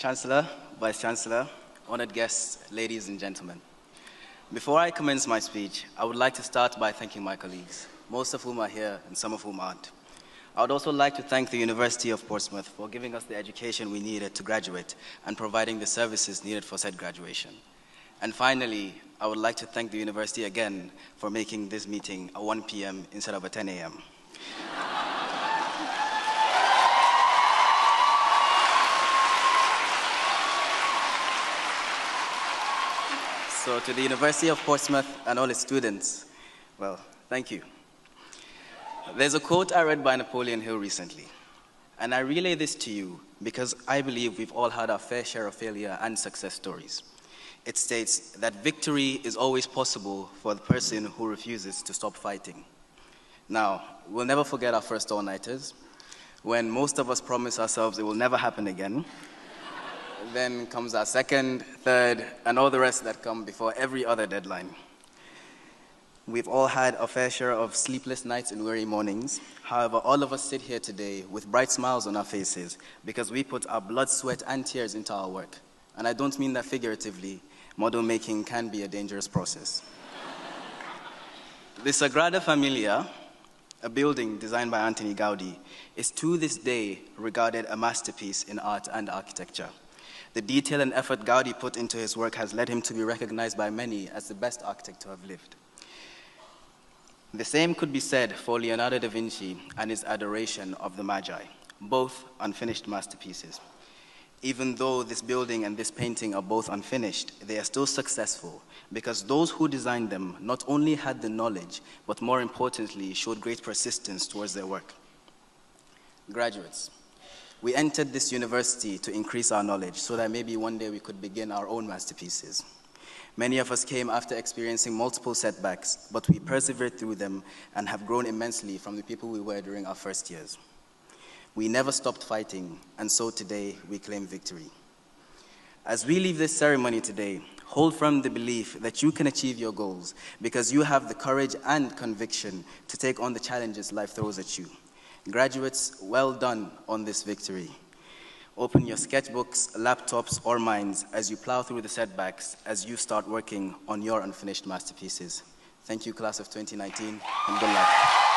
Chancellor, Vice Chancellor, honored guests, ladies and gentlemen. Before I commence my speech, I would like to start by thanking my colleagues, most of whom are here and some of whom aren't. I would also like to thank the University of Portsmouth for giving us the education we needed to graduate and providing the services needed for said graduation. And finally, I would like to thank the university again for making this meeting a 1 p.m. instead of a 10 a.m. So to the University of Portsmouth and all its students, well, thank you. There's a quote I read by Napoleon Hill recently, and I relay this to you because I believe we've all had our fair share of failure and success stories. It states that victory is always possible for the person who refuses to stop fighting. Now, we'll never forget our first all-nighters, when most of us promised ourselves it will never happen again, then comes our second, third, and all the rest that come before every other deadline. We've all had a fair share of sleepless nights and weary mornings. However, all of us sit here today with bright smiles on our faces because we put our blood, sweat, and tears into our work. And I don't mean that figuratively. Model making can be a dangerous process. the Sagrada Familia, a building designed by Antony Gaudi, is to this day regarded a masterpiece in art and architecture. The detail and effort Gaudi put into his work has led him to be recognized by many as the best architect to have lived. The same could be said for Leonardo da Vinci and his adoration of the Magi, both unfinished masterpieces. Even though this building and this painting are both unfinished, they are still successful because those who designed them not only had the knowledge, but more importantly, showed great persistence towards their work. Graduates, we entered this university to increase our knowledge so that maybe one day we could begin our own masterpieces. Many of us came after experiencing multiple setbacks, but we persevered through them and have grown immensely from the people we were during our first years. We never stopped fighting, and so today we claim victory. As we leave this ceremony today, hold firm the belief that you can achieve your goals because you have the courage and conviction to take on the challenges life throws at you. Graduates, well done on this victory. Open your sketchbooks, laptops, or minds as you plow through the setbacks as you start working on your unfinished masterpieces. Thank you, class of 2019, and good luck.